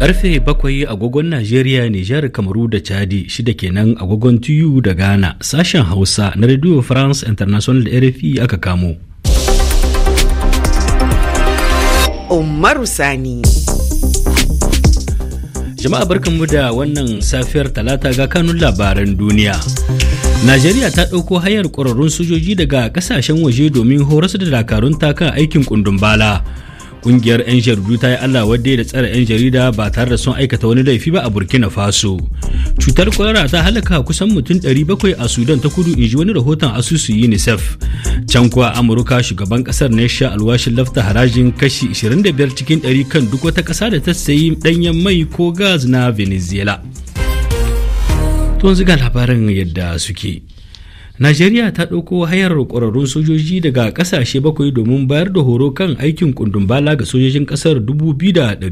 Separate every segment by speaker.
Speaker 1: Karfe bakwai agogon Najeriya, Nijar, Kamaru da Chadi shida kenan agogon Tuyu da Ghana sashen Hausa na Radio France International da RFI aka kamo.
Speaker 2: Umaru Sani.
Speaker 1: Jama'a barkanmu da wannan safiyar talata ga kanun labaran duniya. Najeriya ta ɗauko hayar ƙwararrun sojoji daga ƙasashen waje domin horas da dakarun ta kan aikin ƙundun bala. Kungiyar 'yan jaridu ta yi Allah wadda da tsare 'yan jarida ba tare da sun aikata wani laifi ba a Burkina Faso. Cutar kwalara ta halaka kusan mutum 700 a Sudan ta kudu inji wani rahoton asusu UNICEF. Can kuwa Amurka shugaban kasar ne sha alwashin lafta harajin kashi 25 cikin ɗari kan duk wata ƙasa da ta sayi danyen mai ko gas na Venezuela. Tun ziga labarin yadda suke. najeriya ta ɗauko hayar ƙwararrun sojoji daga ƙasashe bakwai domin bayar da horo kan aikin bala ga sojojin ƙasar 2,400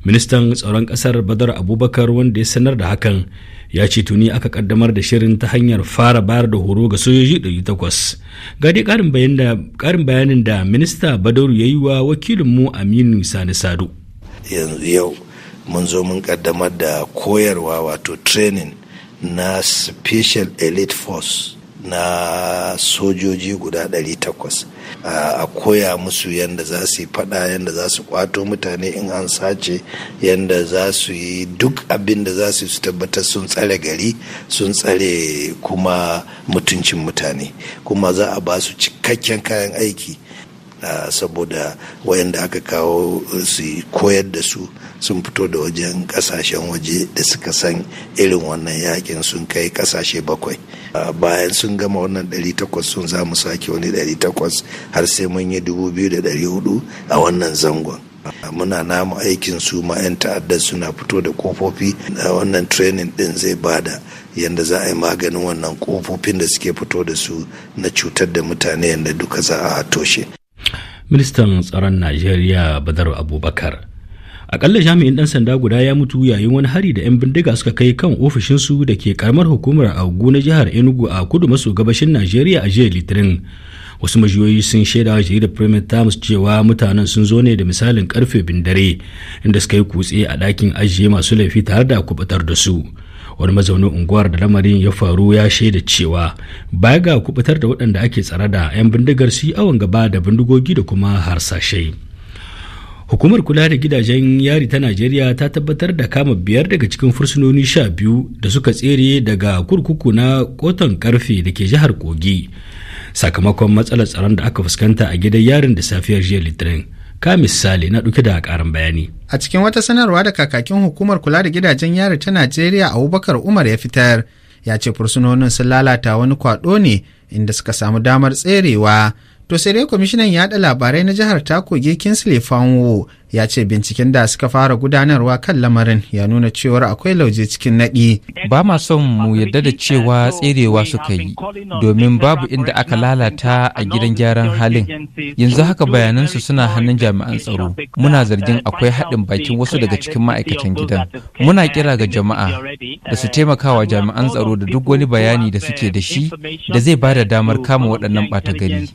Speaker 1: ministan tsaron ƙasar badar abubakar wanda ya sanar da hakan ya ce tuni aka kaddamar da shirin ta hanyar fara bayar da horo ga sojoji 800 ga dai ƙarin bayanin da minista badaru ya yi wa wakilinmu aminu sani sadu
Speaker 3: yanzu yau mun zo mun kaddamar da koyarwa wato training na special elite force na sojoji guda 800 a koya musu yadda za su yi fada yadda za su kwato mutane in an sace yadda za su yi duk abin da za su yi su tabbatar sun tsare gari sun tsare kuma mutuncin mutane kuma za a ba su cikakken kayan aiki saboda wayanda aka kawo su koyar da su sun fito da wajen kasashen waje da suka san irin wannan yakin sun kai kasashe bakwai bayan sun gama wannan 800 sun za mu sake wani 800 har sai mun yi 2,400 a wannan zangon muna namu aikin su ma 'yan ta'addar suna fito da kofofi wannan training din zai bada yadda za a yi maganin wannan kofofin da suke fito da su na cutar da mutane yadda duka za a toshe
Speaker 1: ministan tsaron najeriya badar abubakar akalla jami'in dan sanda guda ya mutu yayin wani hari da 'yan bindiga suka kai kan ofishinsu da ke karamar hukumar augu na jihar enugu a kudu maso gabashin najeriya a jiya litinin wasu majiyoyi sun shaida wa jaridar premier times cewa mutanen sun zo ne da misalin karfe bindare inda suka yi kutse a ɗakin ajiye masu laifi tare da kubutar da su wani mazaunin unguwar da lamarin ya faru ya shaida cewa baya ga kubutar da waɗanda ake tsare da 'yan bindigar su yi awon gaba da bindigogi da kuma harsashai hukumar kula da gidajen yari ta najeriya ta tabbatar da kama biyar daga cikin fursunoni sha biyu da suka tsere daga kurkuku na kotan karfe da ke jihar kogi sakamakon matsalar tsaron da aka fuskanta a gidan yarin da safiyar jiya litinin ka misali na ɗauke da ƙarin bayani a cikin wata sanarwa da kakakin
Speaker 4: hukumar kula da gidajen yari ta najeriya abubakar umar ya fitar ya ce fursunonin sun lalata wani kwaɗo ne inda suka samu damar tserewa to sai dai kwamishinan yaɗa labarai na jihar ta koge kinsley fanwo ya ce binciken da suka fara gudanarwa kan lamarin ya nuna cewar akwai lauje cikin naɗi. Ba ma son mu yarda da cewa tserewa suka yi domin babu inda aka lalata a gidan gyaran halin. Yanzu haka bayanansu suna hannun jami'an tsaro. Muna zargin akwai haɗin bakin wasu daga cikin ma'aikatan gidan. Muna kira ga jama'a da su taimakawa jami'an tsaro da duk wani bayani da suke da shi da zai ba da damar kama waɗannan ɓata gari.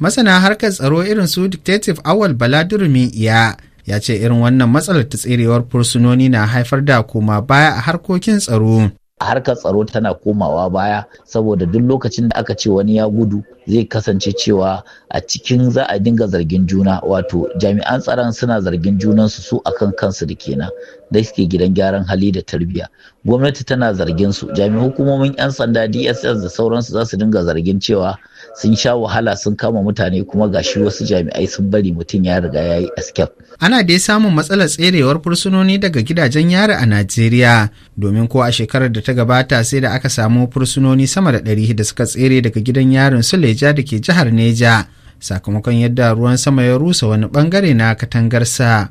Speaker 4: Masana masana harkar tsaro irin su dictative awal baladurumi iya ya ce irin wannan matsalar ta tserewar fursunoni na haifar da koma baya a
Speaker 5: harkokin tsaro harkar tsaro tana komawa baya saboda duk lokacin da aka ce wani ya gudu zai kasance cewa a cikin za a dinga zargin juna wato jami'an tsaron suna zargin junansu su akan kansu da kenan da suke gidan gyaran hali da tarbiyya gwamnati tana zargin su jami'an hukumomin 'yan sanda dss da sauransu za su dinga zargin cewa sun sha wahala sun kama mutane kuma gashi wasu jami'ai sun bari mutum ya riga ya yi escape.
Speaker 4: ana dai samun matsalar tserewar fursunoni daga gidajen yari a najeriya domin ko a shekarar da ta gabata sai da aka samu fursunoni sama da 100 da suka tsere daga gidan yarin su Niger da ke jihar Neja sakamakon yadda ruwan sama ya rusa wani bangare
Speaker 1: na katangarsa.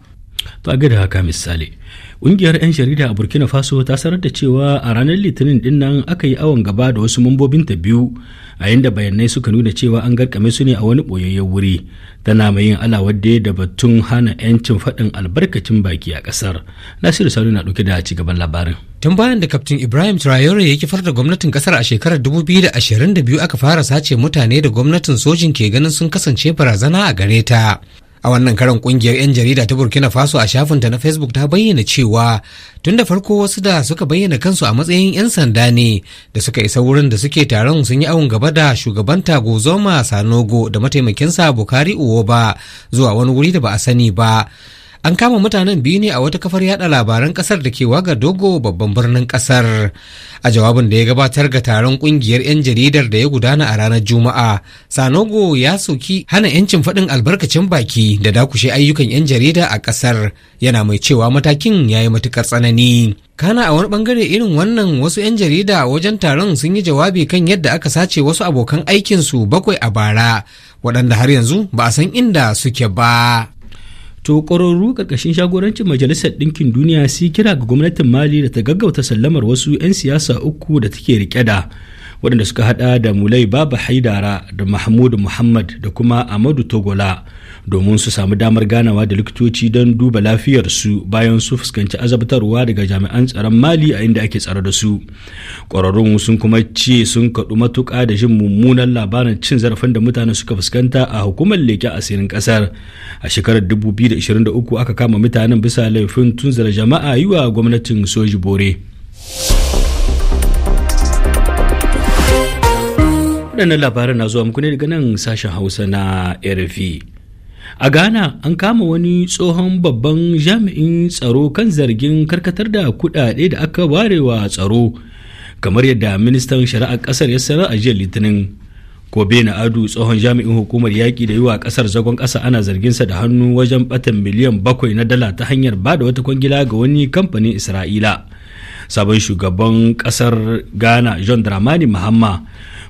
Speaker 1: sa a haka misali Ƙungiyar 'yan jarida a Burkina Faso ta sanar da cewa a ranar Litinin din nan aka yi awon gaba da wasu mambobin ta biyu a yadda bayanai suka nuna cewa an garkame su ne a wani ɓoyayyen wuri tana mai yin alawadde da batun hana 'yancin faɗin albarkacin baki a ƙasar. Nasiru Sani na ɗauke da ci gaban labarin. Tun bayan da Kaftin Ibrahim Traore ya kifar da gwamnatin ƙasar a shekarar da ashirin biyu aka fara
Speaker 4: sace mutane da gwamnatin sojin ke ganin sun kasance barazana a gare ta. a wannan karan kungiyar 'yan jarida ta burkina faso a shafinta na facebook ta bayyana cewa tun da farko wasu da suka bayyana kansu a matsayin 'yan sanda ne da suka isa wurin da suke taron sun yi awon gaba da shugaban tagozoma sanogo da mataimakinsa bukari uwoba zuwa wani wuri da ba a sani ba an kama mutanen biyu ne a wata kafar yada labaran kasar da ke waga dogo babban birnin kasar a jawabin da ya gabatar ga taron kungiyar 'yan jaridar da ya gudana a ranar juma'a sanogo ya soki hana 'yancin faɗin albarkacin baki da dakushe ayyukan 'yan jarida a kasar yana mai cewa matakin ya yi matukar tsanani kana a wani bangare irin wannan wasu 'yan jarida wajen taron sun yi jawabi kan yadda aka sace wasu abokan
Speaker 1: aikinsu bakwai a bara waɗanda har yanzu ba a san inda suke ba to kwararru ƙarƙashin shagorancin majalisar ɗinkin duniya su kira ga gwamnatin mali da ta gaggauta sallamar wasu 'yan siyasa uku da take rike da waɗanda suka hada da mulai baba haidara da mahmud muhammad da kuma amadu togola domin su samu damar ganawa da likitoci don duba lafiyarsu bayan su fuskanci azabtarwa daga jami'an tsaron mali a inda ake tsare da su ƙwararrun sun kuma ce sun kaɗu matuƙa da jin mummunan labarin cin zarafin da mutane suka fuskanta a hukumar leƙen asirin ƙasar a shekarar 2023 aka kama mutanen bisa laifin tunzara jama'a yi wa gwamnatin soji bore waɗannan labaran na zuwa muku ne daga nan sashen hausa na rfi a ghana an kama wani tsohon babban jami'in tsaro kan zargin karkatar da kudade da aka warewa tsaro kamar yadda ministan shari'ar kasar ya sanar a jiya litinin ko na adu tsohon jami'in hukumar yaƙi da yi wa ƙasar zagon ƙasa ana zarginsa da hannu wajen batan miliyan bakwai na dala ta hanyar ba da wata kwangila ga wani kamfanin isra'ila sabon shugaban ƙasar ghana john dramani mahamma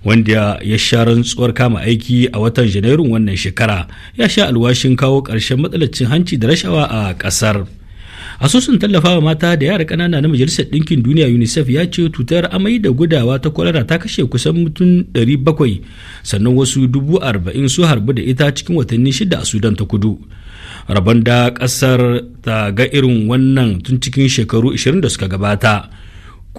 Speaker 1: wanda ya sha rantsuwar kama aiki a watan janairun wannan shekara ya sha alwashin kawo ƙarshen matsalar hanci da rashawa a ƙasar asusun tallafawa mata da yara ƙanana na majalisar ɗinkin duniya unicef ya ce tutar amai da gudawa ta kwalara ta kashe kusan mutum 700 sannan wasu 40,000 su harbu da ita cikin watanni shida a sudan ta kudu rabon da ƙasar ta ga irin wannan tun cikin shekaru 20 da suka gabata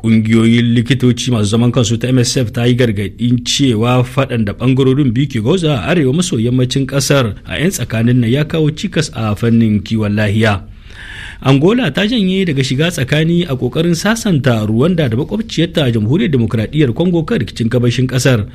Speaker 1: kungiyoyin likitoci masu zaman kansu ta msf ta yi gargaɗin cewa faɗan da ɓangarorin biyu ke gauza a arewa maso yammacin ƙasar a 'yan tsakanin na ya kawo cikas a fannin kiwon lahiya angola ta janye daga shiga tsakani a kokarin sasanta ruwanda da makwabciyarta jamhuriyar demokradiyyar congo kan rikicin gabashin kasar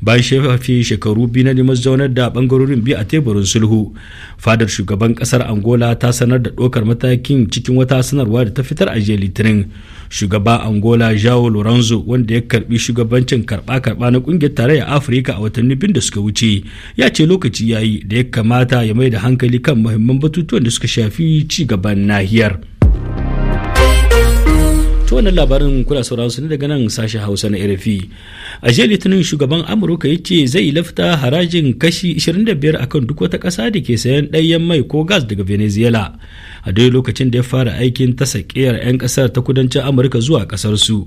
Speaker 1: bayan shafafe shekaru biyu na neman zaunar da bangarorin biyu a teburin sulhu fadar shugaban kasar angola ta sanar da ɗaukar matakin cikin wata sanarwa da ta fitar a jiya litinin shugaba angola jao lorenzo wanda ya karbi shugabancin karba-karba na kungiyar tarayya afirka a watanni biyu da suka wuce ya ce lokaci yayi da ya kamata ya mai da hankali kan muhimman batutuwan da suka shafi ci gaban nahiyar. ta wannan labarin kula sauransu su ne daga nan sashen hausa na rfi a jiya litinin shugaban amurka ya ce zai lafta harajin kashi 25 akan duk wata ƙasa da ke sayan ɗayan mai ko gas daga venezuela a dai lokacin da ya fara aikin ta sakiyar 'yan ƙasar ta kudancin amurka zuwa ƙasar su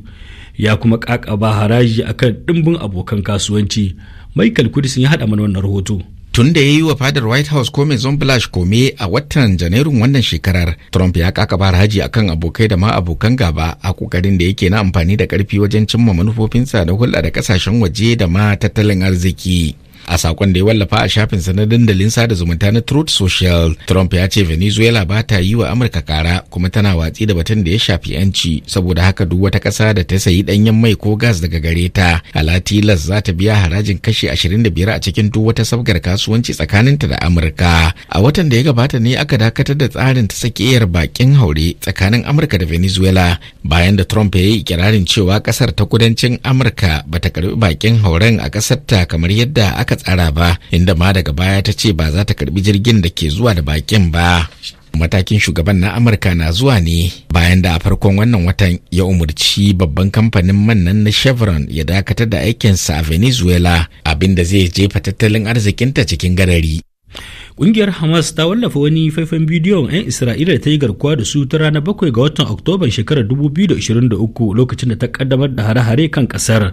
Speaker 1: ya kuma ƙaƙaba haraji akan ɗimbin abokan kasuwanci michael kudisin ya haɗa mana wannan rahoto tun da ya yi wa fadar white house ko maison blanche kome a
Speaker 2: watan janairun wannan shekarar trump ya kakaba haji akan abokai da ma abokan gaba a kokarin da yake na amfani da karfi wajen cimma manufofinsa da hulɗa da kasashen waje da ma tattalin arziki a sakon da ya wallafa a shafin sa na dandalin sada zumunta na Truth Social. Trump ya ce Venezuela ba ta yi wa Amurka kara kuma tana watsi da batun da ya shafi yanci saboda haka duk wata ƙasa da ta sayi danyen mai ko gas daga gare ta alatilas za ta biya harajin kashi 25 a cikin duk wata sabgar kasuwanci tsakanin ta da Amurka. A watan da ya gabata ne aka dakatar da tsarin ta sakiyar bakin haure tsakanin Amurka da Venezuela bayan da Trump ya yi ikirarin cewa ƙasar ta kudancin Amurka ba ta karbi bakin hauren a ta kamar yadda aka tsara ba inda ma daga baya ta ce ba za ta karbi jirgin da ke zuwa da bakin ba matakin shugaban na amurka na zuwa ne bayan da a farkon wannan watan ya umarci babban kamfanin man na chevron ya dakatar da aikinsa a venezuela abinda
Speaker 1: zai jefa tattalin arzikinta cikin garari Ƙungiyar Hamas ta wallafa wani faifan bidiyon 'yan Isra'ila da ta yi garkuwa da su ta ranar bakwai ga watan Oktoban shekarar 2023 lokacin da ta kaddamar da hare-hare kan ƙasar.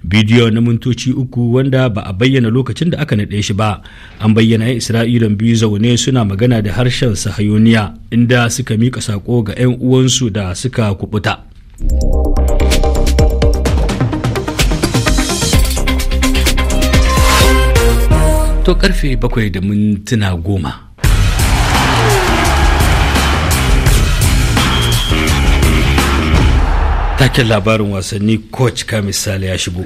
Speaker 1: Bidiyo na mintoci uku wanda ba a bayyana lokacin da aka naɗe shi ba. An bayyana 'yan isra'ila biyu zaune suna magana da harshen Sahayoniya inda suka mika sako ga 'yan uwansu da suka kubuta. to karfe bakwai da mintuna goma taken labarin wasanni coach ka sale ya shigo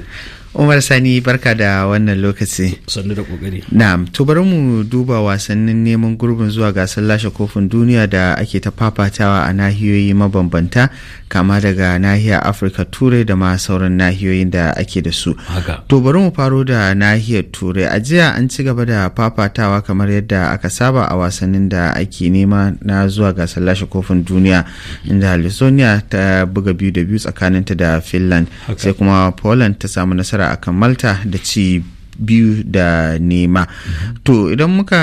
Speaker 4: Umar Sani barka da wannan lokaci.
Speaker 1: Sannu da kokari.
Speaker 4: Na'am, to bari mu duba wasannin neman gurbin zuwa gasar lashe kofin duniya da ake ta fafatawa a nahiyoyi mabambanta kama daga nahiyar Afirka Turai da ma sauran nahiyoyin da ake da su. Haka. To bari mu faro da nahiyar Turai. A jiya an ci gaba da fafatawa kamar yadda aka saba a wasannin da ake nema na zuwa gasar lashe kofin duniya inda Lithuania ta buga biyu da biyu tsakaninta da Finland. Sai kuma Poland ta samu nasara nasara akan malta da ci biyu da nema to idan muka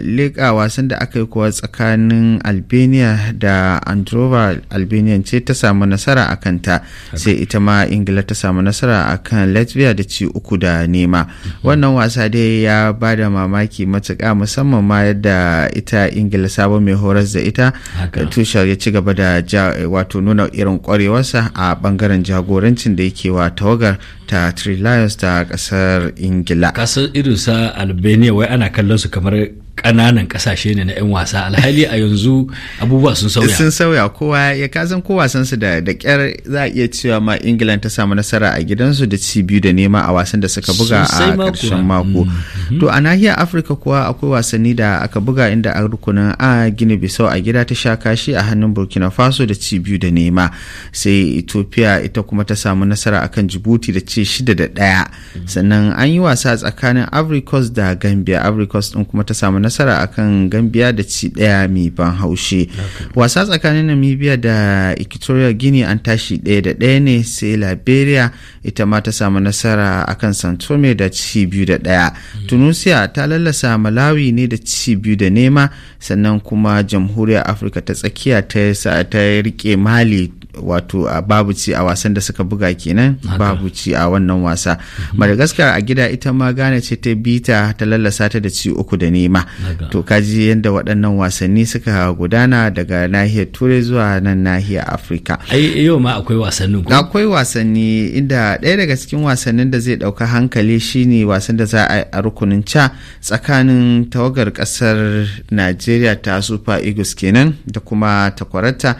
Speaker 4: leƙa wasan da aka yi kuwa tsakanin albania da androva albania ce ta samu nasara a kanta sai ita ma ingila ta samu nasara a kan latvia da ci uku da nema wannan wasa dai ya ba da mamaki matuƙa musamman ma yadda ita ingila sabon mai horas da ita eh, tushar ya ci gaba da eh, wato nuna irin kwarewarsa a bangaren jagorancin da yake wa tawagar ta three lions ta ƙasar ingila
Speaker 1: killa kasan sa albania wai ana kallon su kamar ƙananan ƙasashe ne na 'yan wasa alhali a yanzu abubuwa sun sauya sun
Speaker 4: sauya kowa ya kazan ko wasansu da da kyar za a iya cewa ma england ta samu nasara a gidansu da ci biyu da nema a wasan da suka buga a ƙarshen mako mm-hmm. to a nahiyar afirka kuwa akwai wasanni da aka buga inda a rukunin a gini bisau a gida ta sha kashi a hannun burkina faso da ci biyu da nema sai ethiopia ita kuma ta samu nasara a kan jibuti da ci shida da ɗaya mm-hmm. sannan an yi wasa tsakanin africa da gambia africa ɗin kuma ta samu nasara akan gambia da ci daya mai ban haushe wasa tsakanin namibia da equatorial guinea an tashi daya da daya ne sai liberia ita ma ta samu nasara akan santome da ci biyu da daya hmm. tunisia ta lalasa malawi ne da ci biyu da nema sannan kuma jamhuriyar afirka ta tsakiya ta rike mali wato babu ci a wasan da suka buga kenan babu ci a wannan wasa madagascar mhm. a gida ita ma gane ce ta bita ta lallasa ta da ci uku da nema to kaji yadda waɗannan wasanni suka gudana daga nahiyar turai zuwa nan nahiyar afirka
Speaker 1: yau ma akwai wasannin
Speaker 4: akwai wasanni inda ɗaya daga cikin wasannin da zai ɗauka hankali shine wasan da za a yi a rukunin ca tsakanin tawagar ƙasar najeriya ta super eagles kenan da kuma takwarata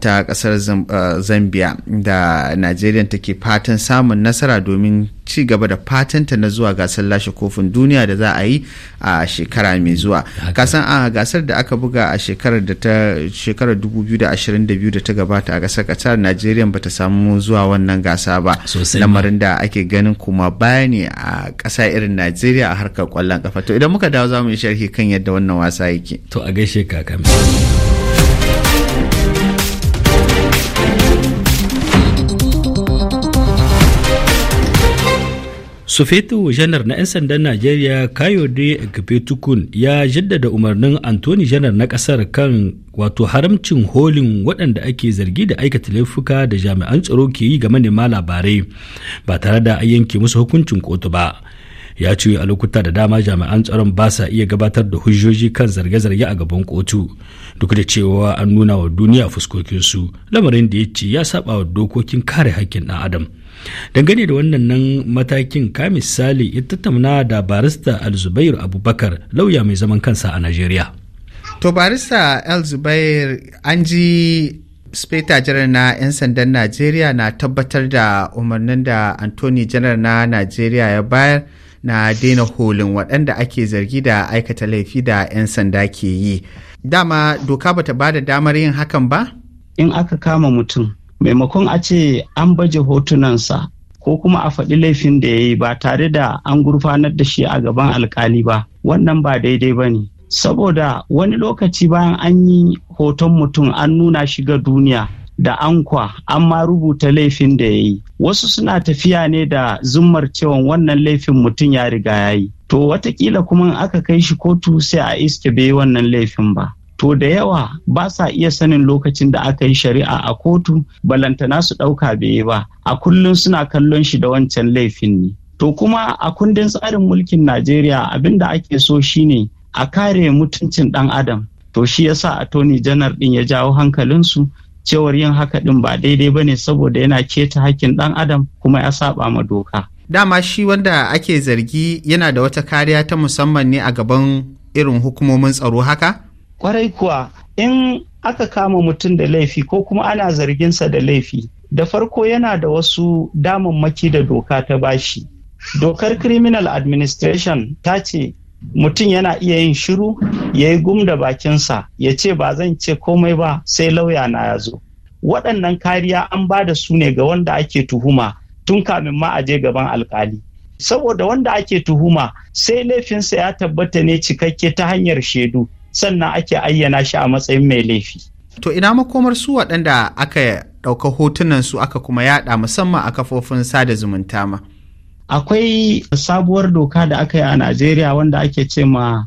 Speaker 4: ta kasar zambia da najeriya take fatan samun nasara domin ci gaba da fatanta na zuwa gasar lashe kofin duniya da za a yi a shekara mai zuwa kasan a gasar da aka buga a shekarar da ta shekarar 2022 da ta gabata a gasar qatar najeriya bata samu zuwa wannan gasa ba lamarin da ake ganin kuma baya ne a ƙasa irin nigeria a harkar kwallon kafa to idan muka dawo zamu mu yi sharhi kan yadda wannan wasa yake to a gaishe kakamin
Speaker 1: sufeto janar na 'yan sandan najeriya kayode tukun ya jaddada umarnin antoni janar na kasar kan wato haramcin holin waɗanda ake zargi da aikata laifuka da jami'an tsaro ke yi ga manema labarai ba tare da a yanke musu hukuncin kotu ba ya ce a lokuta da dama jami'an tsaron ba sa iya gabatar da hujjoji kan zarge-zarge a gaban kotu duk da cewa an nuna wa duniya fuskokinsu lamarin da ya ce ya saba wa dokokin kare haƙƙin ɗan adam dangane da wannan nan matakin ka misali ya tattauna da barista alzubair abubakar lauya mai zaman kansa a najeriya to
Speaker 4: barista alzubair an ji speta janar na 'yan sandan najeriya na tabbatar da umarnin da anthony janar na najeriya ya bayar na daina holin waɗanda ake zargi da aikata laifi da 'yan sanda ke yi
Speaker 5: dama doka bata ba da damar yin hakan ba in aka kama mutum maimakon a ce an baje hotunansa ko kuma a faɗi laifin da ya yi ba tare da an gurfanar da shi a gaban alkali ba wannan ba daidai ba ne saboda wani lokaci bayan an yi hoton mutum an nuna shi ga duniya da ankwa an ma rubuta laifin da ya yi wasu suna tafiya ne da zummar cewa wannan laifin mutum ya riga ya yi to watakila kuma aka kai shi kotu sai a iske bai wannan laifin ba to da yawa ba sa iya sanin lokacin da aka yi shari'a a kotu balantana su ɗauka bai ba a kullum suna kallon shi da wancan laifin ne to kuma a kundin tsarin mulkin najeriya abin da ake so shine a kare mutuncin ɗan adam to shi yasa toni janar ɗin ya jawo hankalinsu cewar yin haka ɗin ba daidai ba ne saboda yana keta hakkin ɗan adam kuma ya saba ma doka dama shi wanda ake zargi
Speaker 4: yana da wata kariya ta musamman ne a gaban irin hukumomin tsaro haka Kwarai
Speaker 5: kuwa in aka kama mutum da laifi ko kuma ana zarginsa da laifi, da farko yana da wasu damammaki da doka ta bashi. Dokar Criminal Administration ta ce mutum yana iya yin shiru ya yi gum da bakinsa ya ce ba zan ce komai ba sai lauya na ya zo. Waɗannan kariya an ba da su ne ga wanda ake tuhuma tun kamin ma a je gaban alkali. saboda wanda ake tuhuma sai laifinsa ya tabbata ne cikakke ta hanyar shaidu sannan ake ayyana shi a matsayin mai laifi. To ina makomar su waɗanda aka ɗauka hotunan su
Speaker 4: aka kuma yaɗa musamman a kafofin sada zumunta ma.
Speaker 5: Akwai sabuwar doka da aka yi a Najeriya wanda ake ce ma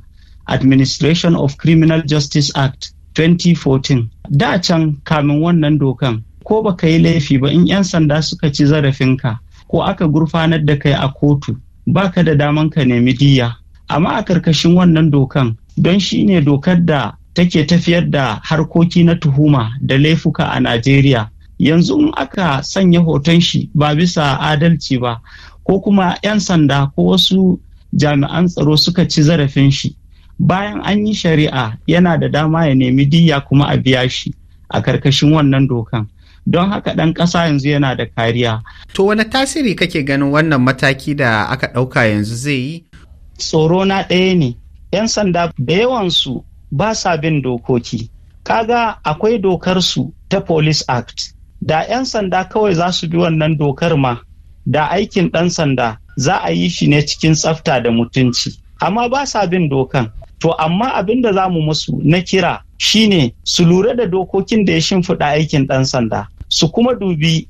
Speaker 5: Administration of Criminal Justice Act 2014. Da can kamin wannan dokan ko baka yi laifi ba in 'yan sanda suka ci zarafinka ko aka gurfanar da kai a kotu baka da daman ka nemi diya. Amma a karkashin wannan dokan don shi ne dokar da take tafiyar da harkoki na tuhuma da laifuka a Najeriya. Yanzu in aka sanya hoton shi ba bisa adalci ba, ko kuma 'yan sanda ko wasu jami'an tsaro suka ci zarafin shi. Bayan an yi shari'a yana da dama ya nemi diya kuma a biya shi a karkashin wannan dokan. Don haka ɗan ƙasa yanzu yana da kariya. To wani tasiri kake ganin wannan mataki da aka ɗauka yanzu zai yi? Tsoro na ɗaya ne. 'yan sanda da yawansu ba sa bin dokoki kaga akwai dokarsu ta police act da 'yan sanda kawai za su bi wannan dokar ma da aikin ɗan sanda za a yi shi ne cikin tsafta da mutunci amma ba sa bin dokan to amma abin da za mu musu na kira shine su lura da dokokin da ya shimfiɗa aikin ɗan sanda su kuma dubi